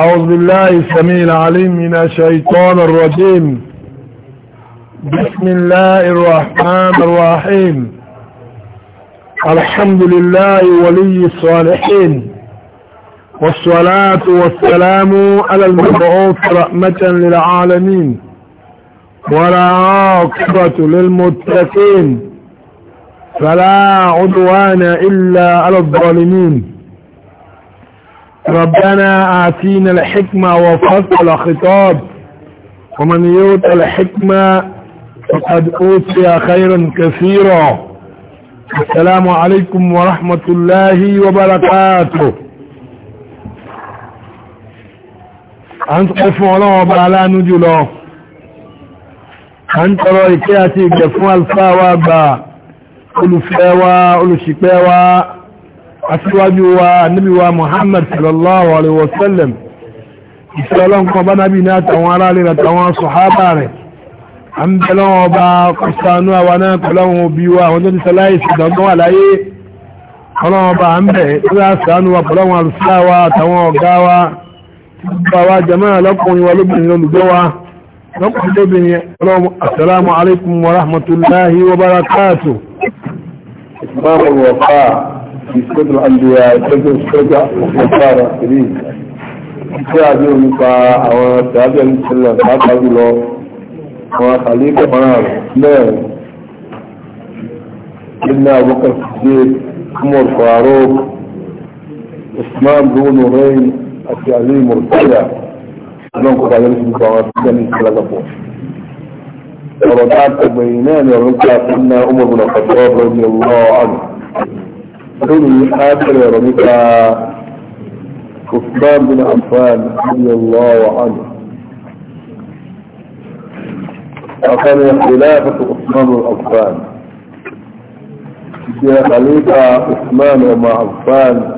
أعوذ بالله السميع العليم من الشيطان الرجيم بسم الله الرحمن الرحيم الحمد لله ولي الصالحين والصلاة والسلام على المبعوث رحمة للعالمين ولا عاقبة للمتقين فلا عدوان إلا على الظالمين ربنا آتينا الحكمة وفصل الخطاب ومن يوت الحكمة فقد أوتي خيرا كثيرا السلام عليكم ورحمة الله وبركاته أنت قفوا على وبعلا نجلا أنت رأيكي أتيك فوال فاوى با قلوا فاوى قلوا شكاوى aṣíwájú wa níbi wa muhammad sallallahu alaihi wasallam ìṣẹ́lọ́n kan bá nábi ní àtàwọn aráàlẹ́ àtàwọn sọ̀hábà rẹ̀ a ń bẹ̀lọ́ ọba kọsánú àwọn náà pẹ̀lọ́wọ̀n òbí wa àwọn tó ti sẹ́láìsì dandan wà láyé ọlọ́wọ́n ọba في صدر الأنبياء تجد الشجع وصار كريم ṣe àjọ nípa àwọn ṣàájẹ́ ìṣẹ̀lẹ̀ pàápàá jùlọ àwọn àkàlẹ́kọ̀ọ́ márùn mẹ́rin ilẹ̀ àwọ́kọ̀ ṣe kúmọ̀ fàárọ̀ usman bruno rain àti ali murtala ọlọ́n kọ̀ọ̀kọ̀ ayọ́ sí nípa àwọn àṣìṣẹ́ ní ìṣẹ̀lẹ̀ lọ́pọ̀ ọ̀rọ̀ tá a tẹ̀gbẹ̀yìn náà ni ọ̀rọ̀ ń pa fún náà umar bin khattab radiyallahu anhu قولي آخر ربك كفتان بن عفان رضي الله عنه وكان خلافة عثمان والعفان في خليفة عثمان ومع عفان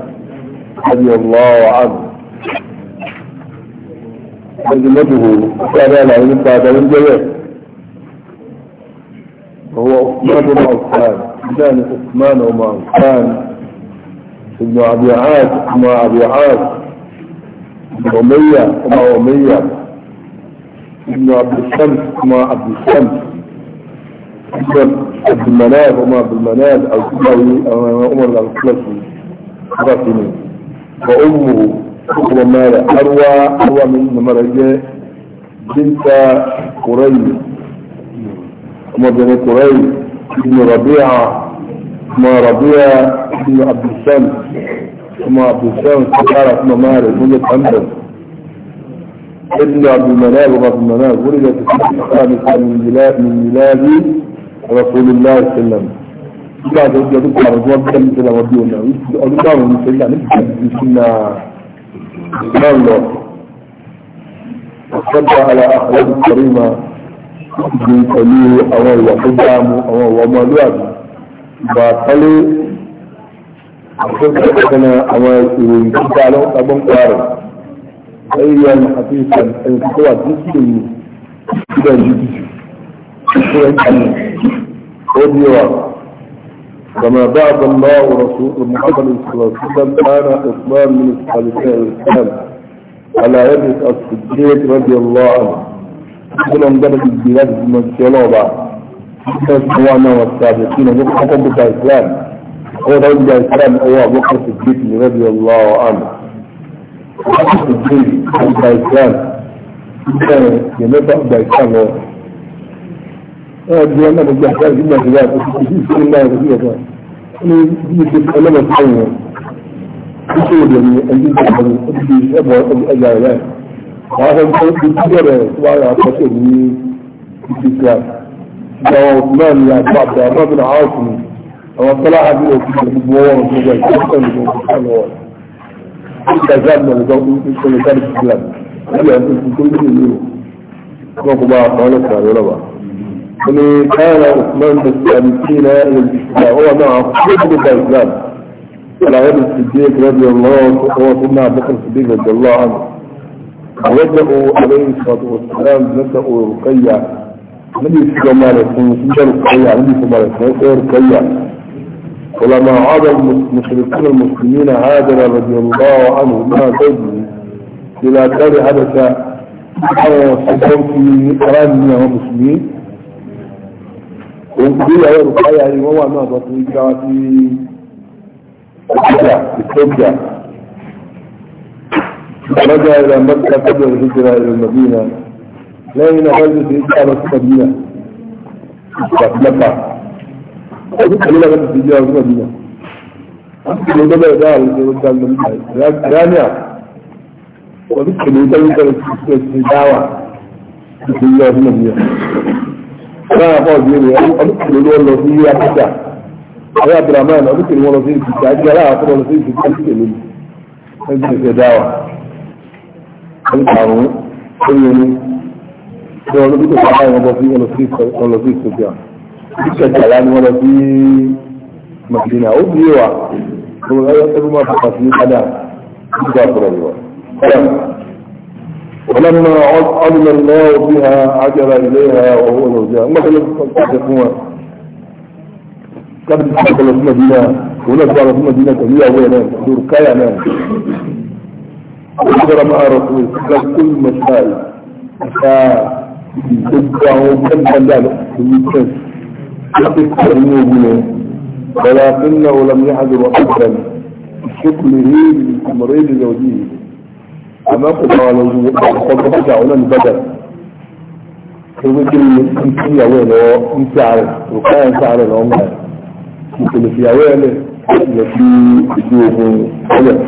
رضي الله عنه أجنبه كان على عينك هذا من وهو عثمان بن عفان كان عثمان ومع عفان ابن أبي عاد ابن أبي عاد ابن أمية ابن أمية ابن عبد الشمس ابن عبد الشمس ابن عبد المناف ابن عبد المناف أو عمر الأنصاري رسمي وأمه ابن مالا أروى أروى من مرجع بنت قريب عمر بن قريب ابن ربيعة ما ربيعة ابن عبد السلام ثم عبد السلام استشار ثم مالك ولد حمد ابن عبد المناب وعبد المناب ولد في السنة الخامسة من ميلاد من ميلاد رسول الله صلى الله عليه وسلم بعد ذلك يدق على رسول الله صلى الله عليه وسلم أدعى من سيدنا نبي سنة سنة الله وصدى على أخلاق الكريمة ابن سليل أو وقدام أو ومالوات باطلي حدثنا عواصم قال أبو قارن أيضا حديثا أن هو مسلم إلى جديد كما بعد الله رسول محمد صلى الله عليه وسلم كان عثمان من الخليفة الإسلام على يد الصديق رضي الله عنه كنا ندرج البلاد من الشلوبة كنا سوانا والسابقين نحن بك الإسلام هو ده اللي الكلام هو ابو بكر الصديق رضي الله عنه الصديق ابو الاسلام كان يمتع انا أجل أن نجحت إلا خلاف بسم الله بسيطة مثل كلمة الحيوة بسيطة يعني أجل أن أبدي أبو أبو أجل وهذا الحيوة بسيطة وعلى عطاته من الإسلام وعثمان يا عبد الله بن عاصم أو طلع عليه في المبور في كل كان عثمان بالسالكين الى هو مع كل بيزان على يد الصديق رضي الله عنه وسيدنا ابو بكر الصديق رضي الله عنه وجدوا عليه الصلاه والسلام نساء رقيه من يسمى لكم من يسمى لكم رقيه ولما عاد المشركون المسلمين هاجر رضي الله عنه ما زوجه إلى دار حدث وصفهم في قران منهم مسلمين وانقلوا على رقاية يعني هو ما بطل في إثيوبيا رجع إلى مكة قبل الهجرة إلى المدينة لين غزة إسلام المدينة مكة ọdún kan nígbà láti ìdílé ọdún kan nígbà láti ìdílé ọdún kan dáhà lóṣù ọdún kan nígbà ìdáníà ọdún kan nígbà nígbà láti ìdílé dáwà ìdílé ọdún kan nígbà náà fọ́ ọdún yìí ọdún kan nígbà lọ sí ilé akíjà ọdún abdulrahman ọdún kan nígbà lọ sí ìdílé ajé aláwọ̀ tó lọ sí ìdílé ọdún kan nígbà ìdílé ìkẹtàlá ni wọ́n lọ sí màdínà ó bí wa gbogbo ẹgbẹ́ tó مدينة fọkàn sí padà nígbà tó rẹ̀ wọ̀. ولما علم الله بها عجل إليها وهو زوجها ما كان يفكر قبل تدخل المدينة ونزل في المدينة هي وين دور كايا نام وحضر مع رسول الله كل مسائل ف تبعه كم بلال في يفكر ولكنه لم يحضر أبدا شكله للتمريض زوجيه أما قد قبل جعلنا بدل كنت في أوله أنت عارف وكان أنت عارف العمر كنت في أوله التي في حلف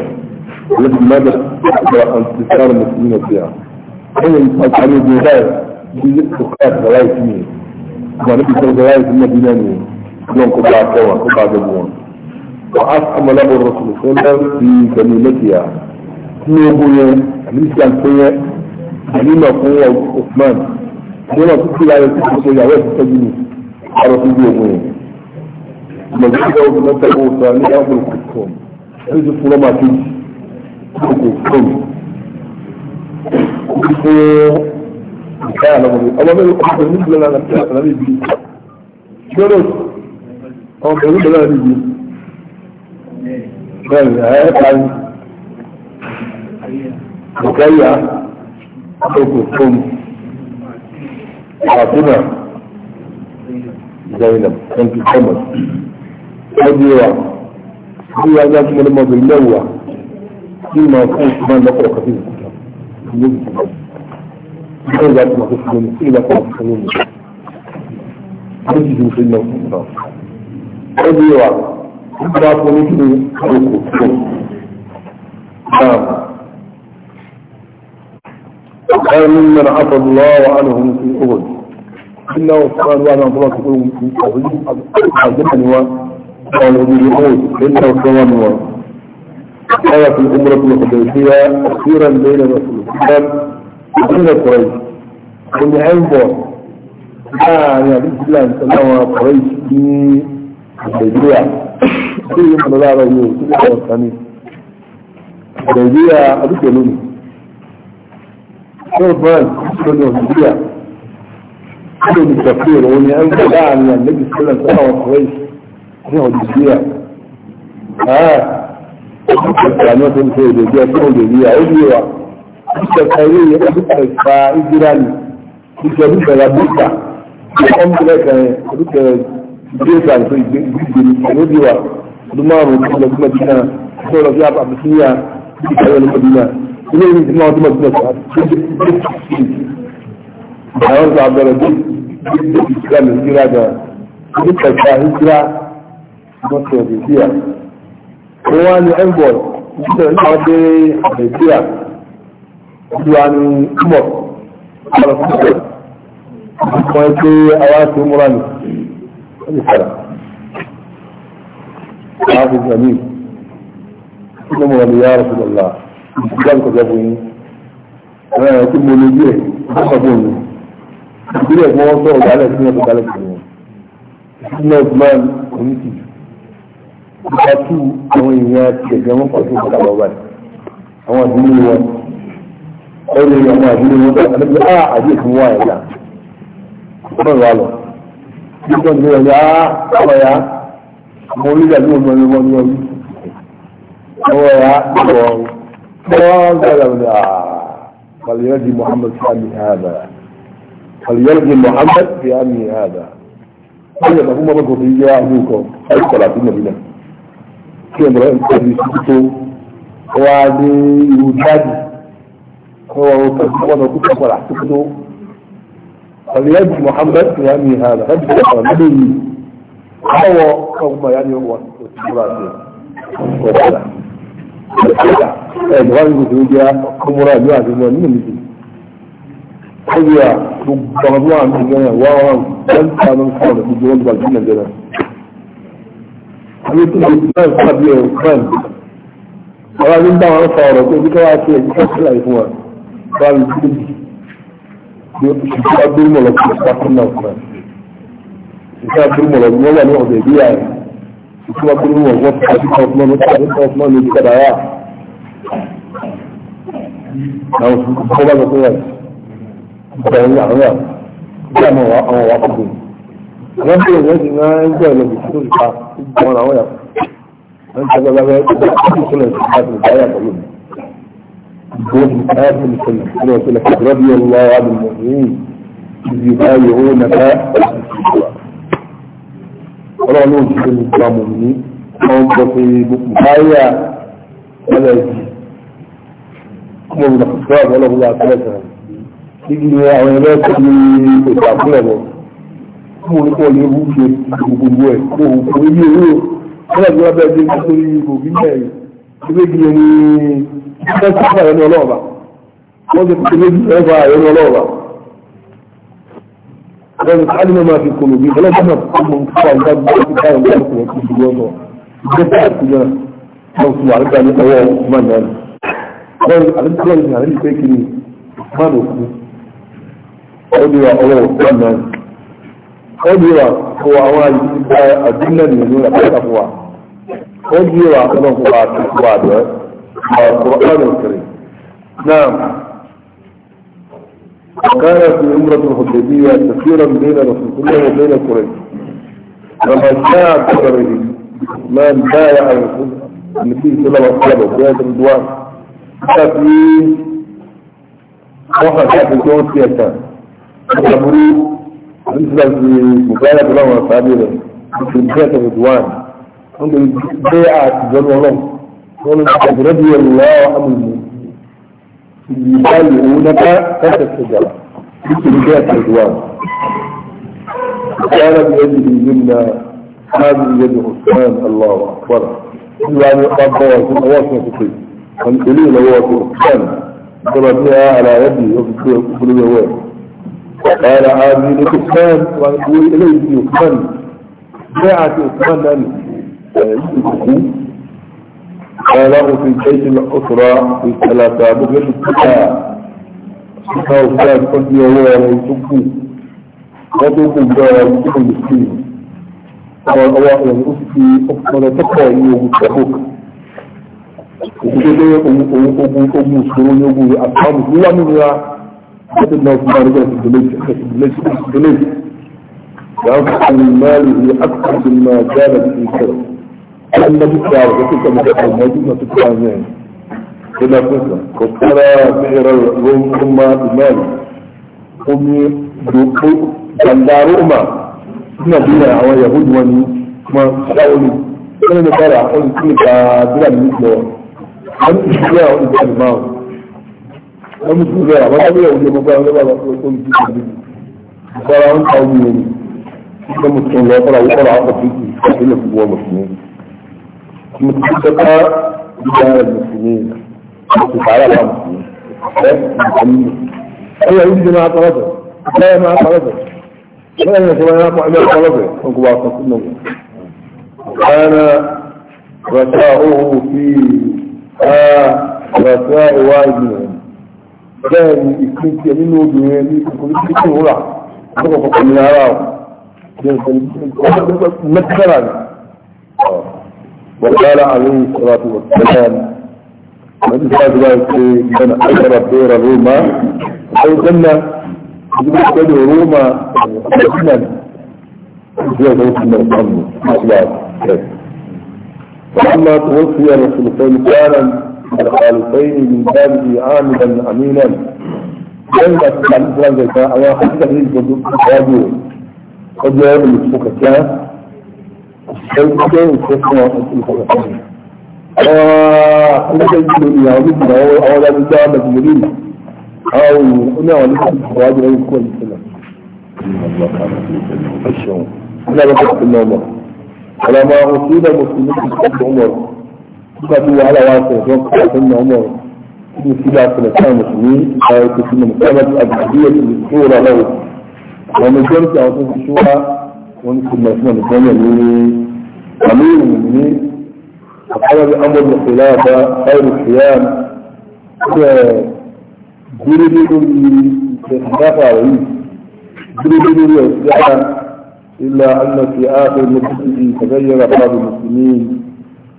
التي ماذا تقدر أن تسار المسلمين فيها حين يتعلم يعني بغير بيجب تقاط غلاية مين ba na bisan gara yanzu madina ne nan ku ba kowa ku ba da buwan wa asama labar rasul sallar fi gani makiya kuma goye alisan kunye halima kunwa usman yana su kula da su kusa ya wasu ta gini a rasu biyu goye mazika wasu na tabo sani ya bulkutum sai káyà lọ́wọ́ mi ọmọ mẹ́rin ọmọ mẹ́rin níbi lọ́la níbi lọ́la níbi gbọ́dọ̀ ọmọ mẹ́rin níbi lọ́la níbi bẹ́ẹ̀ ẹ̀ parí ìkẹyà ọkọ̀ fún àfihàn zainab thank you so much ọdún wa bí wàá gbá kí mo lè mọ ọdún mẹ́wàá kí n máa fún ìsúná lọ́kọ̀ọ̀kan sí ìsúná. إذا كنت إذا كنت مسلم méjì ló fi lọ fún lọ. وقال ممن عفى الله عنهم في أغد إلا وقال الله في أغد في أغد أجمعني وقالوا لي أغد إلا وكمان وقالت الأمرة الحديثية أخيرا بين رسول الله ìpínlẹ̀ kọ̀ọ̀yì omi ẹ́ńbọ̀ láàrin àdúgbò láwọn kọ̀ọ̀yì ní nàìjíríà tí yìí mọ̀ lára yóò tí ó kọ̀ sani nàìjíríà àdúgbò lónìí ṣé brand ló ní nàìjíríà ó lè ní ìṣàfihàn omi ẹ́ńbọ̀ láàrin àdúgbò láwọn kọ̀ọ̀yì ní nàìjíríà ààrẹ ó ti kọ̀ sani ó ti ń ṣe èdè bí ẹ duka kare ya duka fa hijira ne duka duka da duka kan duka kan duka duka to gidi ne ne diwa duma mu kuma kuma dina ko da ya ba bisniya duka wani madina ne ne kuma wata madina ta da wani zabara duk hijira ne hijira da duka fa hijira ko to biya ko wani envoy duka ne a dai hijira عن عمر على الصدر ويجي أواسي عمران السلام حافظ أمين إنه مغني يا رسول الله كان قد يبوني أنا يتم نجيه أخبوني يجيه موضوع على سنة على سنة سنة عثمان كنتي Bukatu àwọn èèyàn ti ẹ̀gbẹ́ wọn pàtó ìgbàlọ́wà àwọn àdúgbò wọn ẹni ọmọ ìlú wọn bẹ́ẹ̀ ní á àdéhùn fún wa ẹ̀dá ọmọ ìwà lọ bí wọ́n ní ọ̀yà ọmọ ya ọmọ orílẹ̀ ní ọmọ ìwọ ní ọdún ọwọ́ ya ọwọ́ wọ́n gbọ́dọ̀ ní àkàlẹ́yẹ́dì Muhammad sí àmì àdá àkàlẹ́yẹ́dì Muhammad sí àmì àdá wọ́n yẹ̀ fún mọ́mọ́ kò fi yẹ àwọn nǹkan ẹ̀rí kọ̀lá sí nàbí náà kí ọmọ rẹ̀ ń tẹ̀lé sí tó wá ní ìwú jáde هو فليد محمد يعني هذا هذا النبي هو هم يعني هو مراد ولا الغالب زوجة مراد يعني هو من الذي هي ربما من الجنة وان أنت من قال في جوان بالجنة الجنة هل يكون الإسلام قبل الإسلام ولا من دعوة صارت وذكرها كيف يكون الإسلام báyìí tó bí ṣùgbọ́n agbórúmọ̀lọ́ kò sákúnná ọ̀kan ṣùgbọ́n agbórúmọ̀lọ́ ni wọ́n wà ní ọ̀dọ̀ ìbí ààrẹ ṣùgbọ́n agbórúmọ̀lọ́ wọ́n ti ṣàkóso ọ̀pọ̀lọ́ ní ṣàkóso ọ̀pọ̀lọ́ ní ìkàdà wà. àwọn ṣùgbọ́n bá lọ sí rẹ̀ ọ̀dọ̀ ìrìn àwọn yà kí àwọn wà àwọn wà kọ̀ọ̀kan. àwọn bí ìrìn ẹ̀sìn náà ń gbọ́ ìlọ́bì tó ń ta gbọ́n àwọn yà wọ́n ti ṣàkóso ọ̀pọ̀lọ́ بن آدم صلى رضي الله عن المؤمنين إذ يبايعونك ọlọ́run ló ń ṣe nípa mọ̀ ní wọ́n ń gbọ́ pé báyà ọlọ́ ìjì ọmọ ìgbà pẹ̀lú àwọn ọlọ́run wà tẹ́lẹ̀ tẹ́lẹ̀ níbi ni àwọn ẹgbẹ́ tó ní ètò àkúlẹ̀ lọ fún orí pọ̀ léwu ṣe gbogbo ẹ̀ kó o kò ní bí owó ọlọ́run wà bẹ́ẹ̀ dé nítorí gbòógì mẹ́rin ìgbégi ẹni ìgbẹ́ sábà ẹni ọlọ́ọ̀bà wọ́n ti pèsè méjì ẹ̀fà ẹni ọlọ́ọ̀bà wọ́n ti pàdé máa fi kòlò bí ọlọ́ọ̀bà náà kọ́ mọ́ nípa ìgbà gbọ́dọ̀ ìgbà ìgbà ìgbà ìgbà ìgbà ìgbà ìgbà ìgbà ìgbà wọ́n fi wà nípa nípa ọwọ́ ọmọ náà ni wọ́n ti àdéhùn àdéhùn àdéhùn àdéhùn pé kiri má lò kú ó ní ọwọ́ ọmọ náà ni ó ní ọwọ́ àwọn àdúgbò náà nìyẹn ló rà pẹ́ وجهي وأخذه بعد القرآن الكريم نعم وكان في عمرة الحديبية تسيرا بين رسول الله وبين قريش لما جاء بقدره من بايع النبي صلى الله عليه وسلم بهذا الدوام في وقع في الجوع سياسة الأمري مثل في مبايعة له وأصحابه في مبايعة الدوام wọ́n gbé bẹ́ẹ̀ الله ọlọ́run wọ́n ló ti gbàgbé bí ẹ̀rọ àmì ìbáyìí òun náà ẹ̀sẹ̀ ṣẹ̀dá nítorí bẹ́ẹ̀ àtijọ́ وقال بيده منا هذه يد عثمان الله اكبر يعني قد وصل وصل في فانقلوا له وصل عثمان ضرب بها على يده وفي يوم قال هذه لعثمان وانقلوا اليه عثمان جاءت عثمان قالوا في البيت الأسرى في الثلاثة بغير السكاة السكاة وفلاة قد يولا ويتبو وضبوا بها ويتبو المسكين قال الله أسكي أفضل تقوى ومتحوك وكذا أبو مسكرون يقول أصحاب الله الله قد ما في البلد الدليل البلد ينفع من ماله أكثر مما كانت في كرم الذي صار وتلك مكان المدينة تتعامل إلى قصة وصار بئر الروم ثم المال ثم يقول جنداروما ina dina àwọn yahudi wani kuma sha'oli wani da fara wani kuma ka dira da mutu yawa wani mutu yawa wani da limawa wani mutu yawa wani abu yahudi ma bayan raba ba kuma kuma kuma kuma fara wani kawo ne ne kuma mutu yawa fara wani fara wani kuma kuma kuma kuma kuma متفقة بجانب المسلمين وتتعالى على المسلمين ألا يجد ما طلبه لا ما طلبه لا يجد ما طلبه وقبع صلى كان رساؤه في آه، رساء واحد كان يكون منه وجهين يكون يكون ورع يكون يكون وقال عليه الصلاة والسلام من فاضل في من أجر دور روما فقلنا بالنسبة لروما قلنا هي ذات من القلب فلما توفي الخلفين كان الخالقين من بابه عاملا أمينا لما كان الإسلام ذكاء وحتى في الجدود قد يعمل السكة 首先，我们说，我们说的这个，呃，那个印度尼西亚，我们我们讲的举例嘛，啊，我们那我们说的关于孔子嘛，是吧？是吧？那个就是那么，阿拉马克思主义的某些东西嘛，就是阿拉伯人讲的某些东西嘛，就是讲的某些东西，就是讲的某些东西，就是讲的某些东西，我们先讲这些。wọ́n ti mọ̀ fún ọ̀nìkan المؤمنين ní àmì ìrìn خير àkọ́lá جريد amọ̀ ìrìnlẹ̀ àbá جريد fìyàm ẹ̀ إلا أن في آخر مسجد تغير بعض المسلمين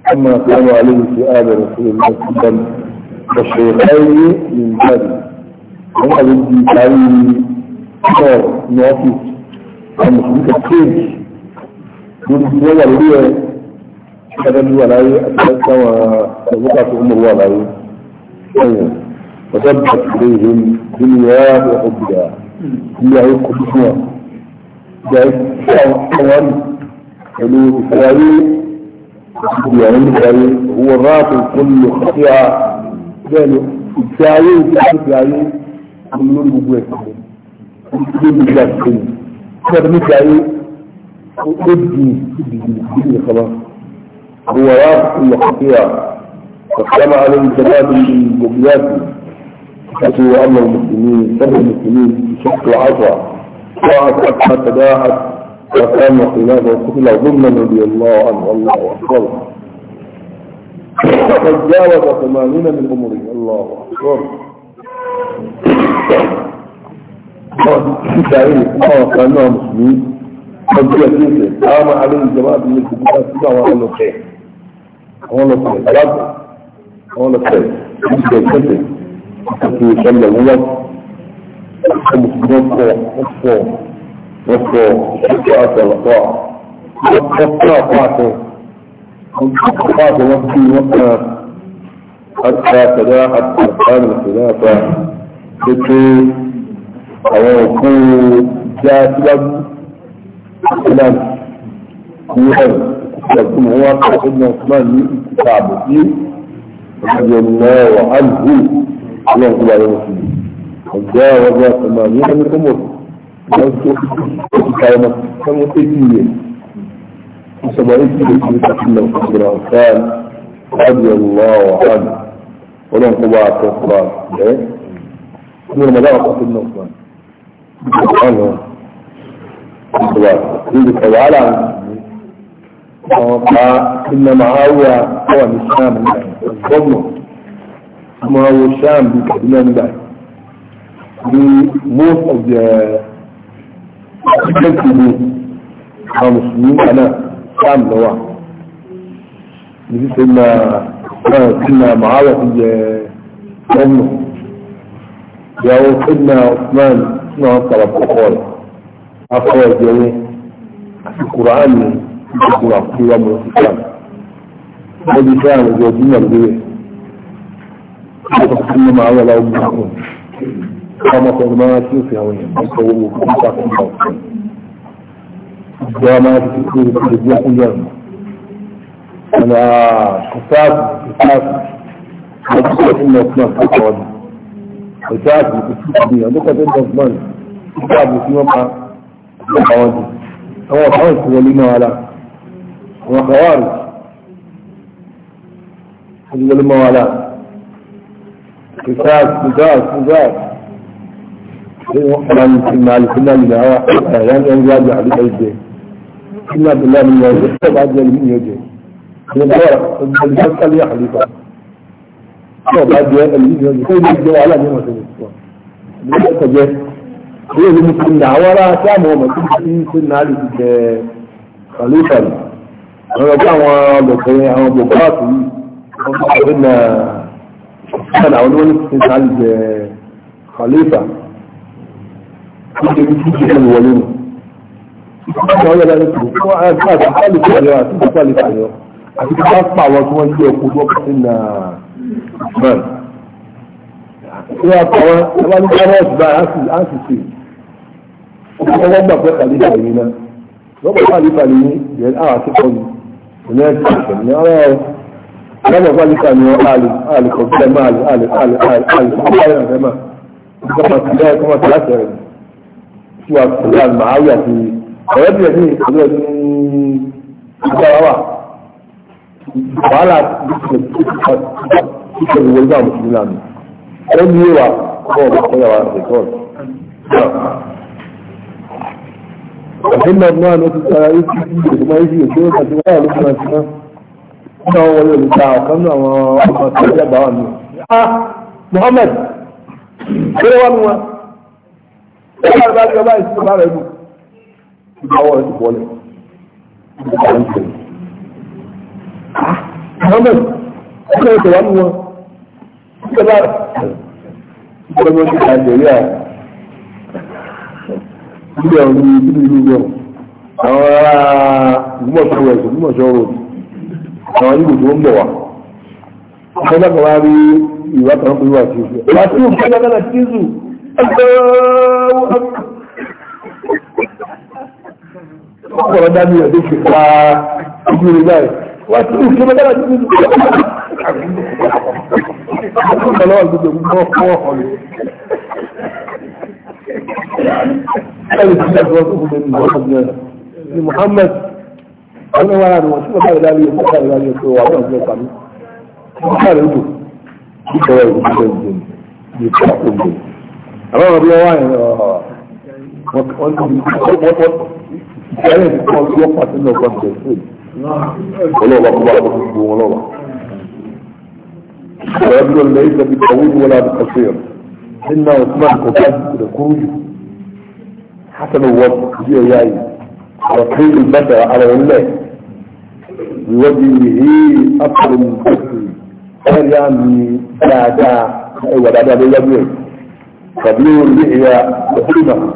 كما كانوا عليه في آل رسول الله صلى الله عليه وسلم والشيخين من ذلك هم الذين كانوا نعطي المسلمين كتير والمسلمين اللي كان لي ولاي أساسا ووقعت أمر ولاي أيوه وتبت إليهم دنيا وحبها هي هي قدسنا جاي حوالي يعني إسرائيل يعني إسرائيل هو الرافع كل خطيئة يعني إسرائيل تعرف يعني عملون بقوة كبير كان مثل ادي ادي خلاص هو رافق وخطيئة فقام عليه شباب من جملات فسوى أمر المسلمين سر المسلمين بشكل عصا ضاعت حتى تباعت وكان خلافه وقتل ظلما رضي الله عنه الله أكبر فقد جاوز ثمانين من عمره الله أكبر síta yìí káwọn kan náà mùsùlùmí ọjọ́ ẹ̀sìn ìfẹ́ káwọn máa lè jẹ́ máa bìí kókó ká sí àwọn ọlọ́fẹ́ àwọn ọlọ́fẹ́ ìgbàgbọ́ àwọn ọlọ́fẹ́ ìgbà ìfẹ́fẹ́ àti ìṣẹ̀lẹ̀ wúwọ́ ọkọ̀ mùsùlùmí ọkọ̀ ọkọ̀ ọkọ̀ ọkọ̀ àtọ̀lọ́tọ̀ ọkọ̀ àpáàtọ̀ ọkọ̀ àpáàtọ̀ wọn bí wọn kan àti àtẹ̀lẹ́ àti àtẹ̀lẹ́ àtẹ̀lẹ́ àwọn nǹkan já síwájú islam ní ọ̀rọ̀ ìṣẹ̀kùn wọn wá pẹ̀lú ọdún ọ̀sán ní ìkúta àbòsí ọjọ́ mẹ́wàá àlùkù ọlọ́run tó bá yẹ wọ́n sí ọjọ́ ọjọ́ ọ̀sán ní ẹni tó mọ̀ wọ́n tó ti ka ọmọ tó wọ́n tó ti yẹ ìṣọ̀bọ̀ ètò ìṣẹ̀kùn ní ìṣẹ̀kùn ọ̀sán ọ̀sán ọjọ́ mẹ́wàá àlùkù ọlọ́run tó bá yẹ wọ́n sí ọjọ́ mẹ́wàá àlùkù ọlọ́run tó bá yẹ wọ́n sí ọjọ́ mẹ́wàá àlùkù سبحانه وتعالى إن معاوية هو من الشام الضمن ثم هو الشام بكلمة الله the most of the African people are Muslim أنا شام نوع نجي سيدنا سيدنا معاوية في الضمن يا سيدنا عثمان náà kàwà kọ̀kọ́ rẹ̀ afọ ẹ̀jẹ̀ rẹ̀ àti kùránì ìṣègùn àkúrà mọ̀ ìsìlámù wọ́n ti fẹ́ àwọn ìjọ ìdúnà lórí ọkọ̀ tí wọ́n máa wọ́n láwọn ọmọ ọkùnrin ọmọ ọkùnrin máa tí ó fi àwọn èèyàn máa tọwọ́ owó fún ìpàkì ìgbà ọ̀sán ìjọ máa ti kú ìpínlẹ̀ bí ọkùnrin yẹn ọ̀nà kùsáàbù kùsáàbù ọdún tó ti mọ̀ fún ọ̀sán ọdún ọjọ́ àbùkù tí ó gbìyàn ló kọjọ́ dọ́gbọ́n ọjọ́ àbùkù tí wọ́n pa ọjọ́ àwọn jù àwọn ọ̀pá òsì wọlé náà wà lá àwọn àkàwárì ọjọ́ wọlé náà wà lá kìsáàs kìsáàs kìsáàs lẹ́yìn wọ́n kọ́ra ní ti máa lè fi náà nílẹ̀ àwọn àyà ní ọjọ́ àjọ àbíkà ìjẹ kí náà tó láàmì ní ọjọ́ tó bá jẹ́ ìlú ìyẹn jẹ tí ọba jẹ ẹlòmíràn yìí fún ìdíje wàhálà ní ọ̀sẹ̀ ìṣúná ìdílé ẹ̀kọ́ jẹ ìwé ìlú mùsùlùmí náà àwọn ará tí àwọn ọmọ tí wọ́n ti ń náà lè ti jẹ kàlífà ní àwọn ọgbà àwọn ọlọ́kùnrin àwọn bòbá àti ọmọ àti nà ṣùgbọ́n àwọn oníwọ́n ti ń náà lè jẹ kàlífà ní ìdílé tí kì í ṣe wọlé nù. Ìjọba ọ̀yọ́ lẹ́nu tó fún àti àti àti àti àti àti àti àti àti àti àti àti àti àti àti àti àti àti àti man tí wọ́n pa wọn tí wọ́n ní kárọ́ọ̀tì báyìí á sì sè é wọ́n gbà pé kàlífà yìí náà wọ́n gbà kàlífà yìí yẹn àwọn akẹ́kọ̀ọ́ yìí ìní ẹ̀sìn ìṣẹ̀lẹ̀ ní ọ̀rọ̀ ọ̀rọ̀ kàlífà ni wọ́n àlè àlè kọ̀ọ̀tì máa àlè àlè àlè àlè àlè àlè àlè máa ìjọba ti dá ẹ̀kọ́ máa láti rẹ̀ tí wàá pẹ̀lú àmàáwí àti ọ̀rẹ́bìnrin ní ìpínlẹ̀ ọdún agbára wà wàhálà kíkẹ́ ìwé ìgbà mùsùlùmí lánàá ó ní ìwà bọ́ọ̀lù ọ̀kọ́yàwó àtẹ̀kọ́ọ̀lù. Ọ̀gbìn náà náà ló ti tara ìsì ìdí ìgbìmọ̀ ìsì ìdí ìgbà tí wọ́n ló fún àti náà. Wọ́n náà wọlé olùta ọ̀kan náà àwọn ọmọ tó ń dàgbà wà nù. A Muhammad ṣé wọ́n mú wa? Ṣé wọ́n bá ti ọba ìsìn bá rẹ̀ mú? Ìgbà wọ́n ti wọlé. Muhammad ṣé wọ́n mú wa? kẹlá ìjọba ti nàìjíríà ilé ọ̀run ní ìlú ìlú rẹ̀ àwọn ará ìgbìmọ̀ṣọ́ rẹ̀ sọ ìgbìmọ̀ṣọ́ rẹ̀ àwọn ìlú tó ń bọ̀ wá ọ̀pọ̀ náà wá rí ìwà kan pé wà sí ìfẹ́ wà sí ìfẹ́ lọ́dọ̀ tí zù ọ̀pọ̀ وأتقول كما لا تقول لا أقول الله محمد أنا ولا أنا وشوف هذا لا لي وشوف هذا لا لي وشوف هذا لا لي وشوف هذا يقول بكواي بكواي بكواي أنا ربي واين وأنت وأنت وأنت وأنت وأنت وأنت ولو بقى بقى بقى بقى ولو بقى ويبدو ليس بالطويل ولا بالقصير إنه أثمان قطاب لكوج حسن الوضع كبير جاي على طيل البدر على الله يوديه أكثر من قصر أريامي لا جاء ولا جاء بيبير كبير لحية بحيمة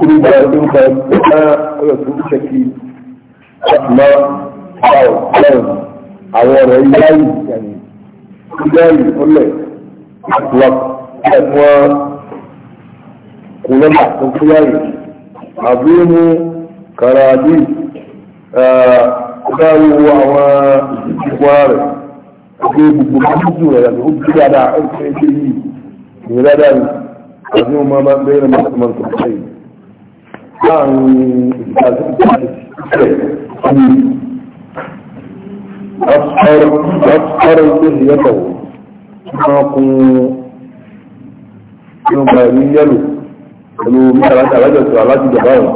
كل ما يمكن أن يكون شكيل أسماء أو أرض أو ريان يعني ريان كله أطلق أسماء كلما تقول عظيم كراديس قالوا وهو إخوار أجيب بمحجو يعني أجيب على أرض شيء يرادا عظيم ما بين من كبيرين أصحر أصحر ذهيته ناقو يباني يلو قالوا ما رأيت رجل على جبان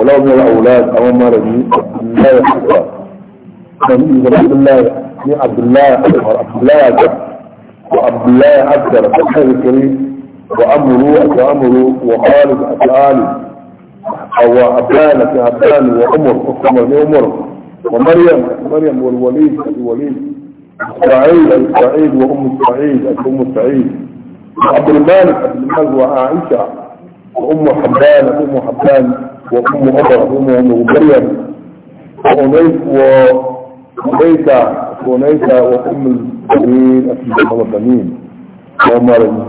ولو من الأولاد أو ما رجل عبد الله حقا نبي عبد الله من عبد الله عبد الله أكبر وعبد الله أكبر فالحير الكريم وأمروا وأمروا وخالد أتعالي أو أبان في أبان وعمر حكم لعمر ومريم مريم والوليد الوليد إسرائيل إسرائيل وأم إسرائيل أم سعيد وعبد المالك عبد المالك وعائشة وأم حبان أم حبان وأم عمر أم عمر ومريم وأنيس وأنيسة وأنيسة وأم البنين أسمى الله البنين وأم البنين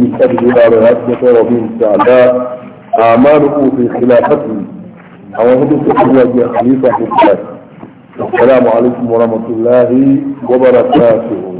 من سبب الله رحمة ربي تعالى أعماله في خلافته أو هدف الله خليفة في السلام عليكم ورحمة الله وبركاته